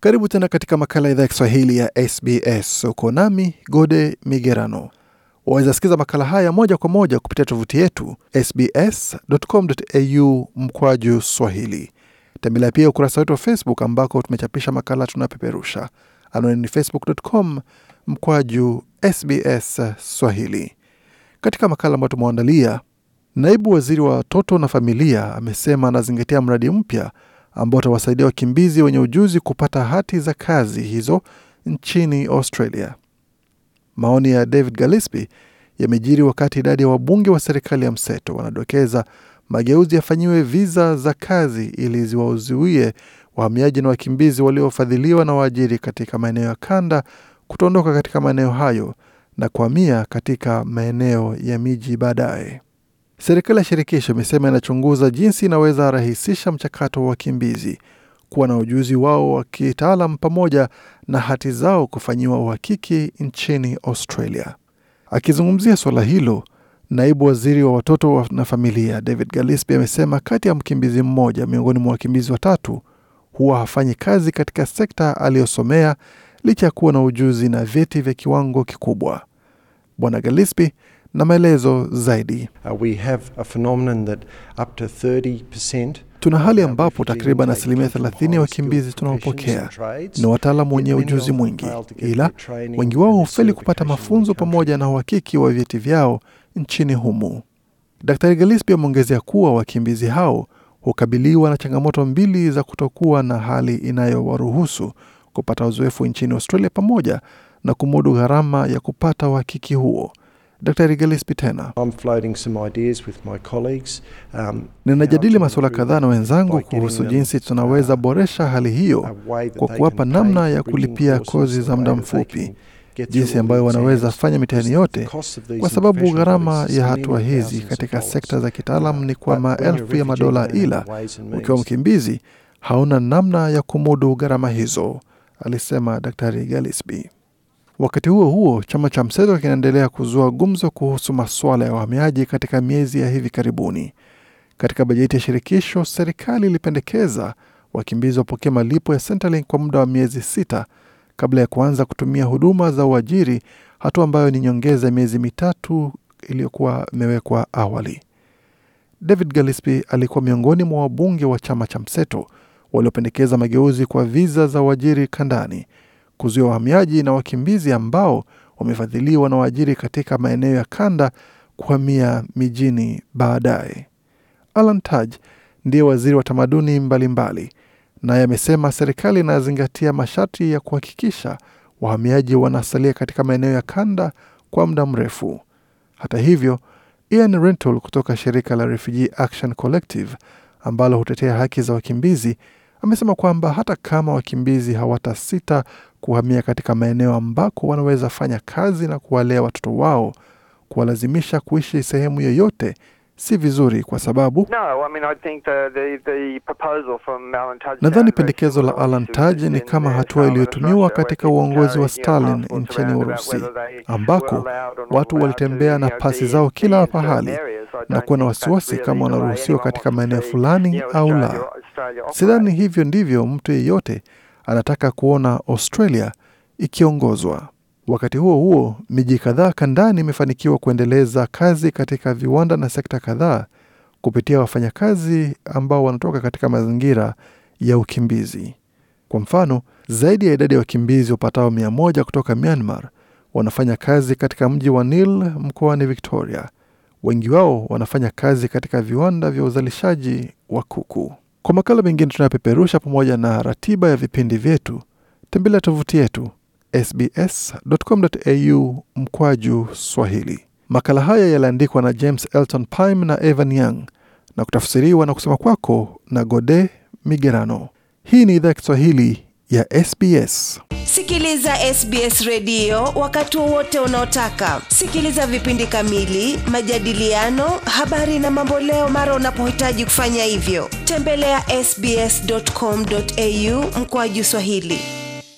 Karibu tena katika makala ya idhaa ya Kiswahili ya SBS. Uko nami Gode Migerano. Waweza sikiza makala haya moja kwa moja kupitia tovuti yetu sbs.com.au mkwaju swahili. Tembelea pia ukurasa wetu wa Facebook ambako tumechapisha makala tunapeperusha. Anwani ni facebook.com mkwaju sbs swahili. Katika makala ambayo tumewaandalia, naibu waziri wa watoto na familia amesema anazingatia mradi mpya ambao utawasaidia wakimbizi wenye ujuzi kupata hati za kazi hizo nchini Australia. Maoni ya David galispy yamejiri wakati idadi ya wabunge wa serikali ya mseto wanadokeza mageuzi yafanyiwe viza za kazi ili ziwazuie wahamiaji na wakimbizi waliofadhiliwa na waajiri katika maeneo ya kanda kutoondoka katika maeneo hayo na kuhamia katika maeneo ya miji baadaye. Serikali ya shirikisho imesema inachunguza jinsi inaweza rahisisha mchakato wa wakimbizi kuwa na ujuzi wao wa kitaalam pamoja na hati zao kufanyiwa uhakiki nchini Australia. Akizungumzia suala hilo, naibu waziri wa watoto na familia David galispi amesema kati ya mkimbizi mmoja miongoni mwa wakimbizi watatu huwa hafanyi kazi katika sekta aliyosomea licha ya kuwa na ujuzi na vyeti vya kiwango kikubwa. Bwana Galispi na maelezo zaidi. Uh, we have a phenomenon that up to 30% tuna hali ambapo takriban asilimia 30 ya wakimbizi tunaopokea ni wataalamu wenye ujuzi mwingi, ila wengi wao hufeli kupata mafunzo pamoja na uhakiki wa vyeti vyao nchini humu dr Gillespie ameongezea kuwa wakimbizi hao hukabiliwa na changamoto mbili za kutokuwa na hali inayowaruhusu kupata uzoefu nchini Australia pamoja na kumudu gharama ya kupata uhakiki huo dr Gillespie tena, um, ninajadili masuala kadhaa na wenzangu kuhusu jinsi tunaweza boresha hali hiyo kwa kuwapa namna ya kulipia kozi za muda mfupi, jinsi ambayo wanaweza fanya mitihani yote, kwa sababu gharama ya hatua hizi katika sekta za kitaalam ni kwa maelfu ya madola, ila ukiwa mkimbizi hauna namna ya kumudu gharama hizo, alisema Daktari Gillespie. Wakati huo huo, chama cha mseto kinaendelea kuzua gumzo kuhusu masuala ya wahamiaji katika miezi ya hivi karibuni. Katika bajeti ya shirikisho, serikali ilipendekeza wakimbizi wapokee malipo ya Centrelink kwa muda wa miezi sita kabla ya kuanza kutumia huduma za uajiri, hatua ambayo ni nyongeza miezi mitatu iliyokuwa imewekwa awali. David Galispi alikuwa miongoni mwa wabunge wa chama cha mseto waliopendekeza mageuzi kwa viza za uajiri kandani kuzuia wahamiaji na wakimbizi ambao wamefadhiliwa na waajiri katika maeneo ya kanda kuhamia mijini baadaye. Alan Tudge ndiye waziri wa tamaduni mbalimbali, naye amesema serikali inazingatia masharti ya kuhakikisha wahamiaji wanasalia katika maeneo ya kanda kwa muda mrefu. Hata hivyo, Ian Rentoul kutoka shirika la Refugee Action Collective ambalo hutetea haki za wakimbizi amesema kwamba hata kama wakimbizi hawatasita kuhamia katika maeneo ambako wanaweza fanya kazi na kuwalea watoto wao, kuwalazimisha kuishi sehemu yoyote si vizuri kwa sababu no, I mean, nadhani pendekezo la Alan Tudge ni kama hatua iliyotumiwa katika uongozi wa Stalin nchini Urusi, ambako watu walitembea na pasi zao kila pahali na kuwa na wasiwasi kama wanaruhusiwa katika maeneo fulani au la. Sidhani hivyo ndivyo mtu yeyote anataka kuona Australia ikiongozwa. Wakati huo huo, miji kadhaa kandani imefanikiwa kuendeleza kazi katika viwanda na sekta kadhaa kupitia wafanyakazi ambao wanatoka katika mazingira ya ukimbizi. Kwa mfano, zaidi ya idadi ya wakimbizi wapatao mia moja kutoka Myanmar wanafanya kazi katika mji wa Nil mkoani Victoria. Wengi wao wanafanya kazi katika viwanda vya uzalishaji wa kuku. Kwa makala mengine tunayopeperusha pamoja na ratiba ya vipindi vyetu, tembelea tovuti yetu sbs.com.au mkwaju Swahili. Makala haya yaliandikwa na James Elton Pime na Evan Young na kutafsiriwa na kusoma kwako na Gode Migerano. Hii ni idhaa ya Kiswahili ya SBS. Sikiliza SBS redio wakati wowote unaotaka. Sikiliza vipindi kamili, majadiliano, habari na mamboleo mara unapohitaji kufanya hivyo. Tembelea ya sbs.com.au mkoaji Swahili.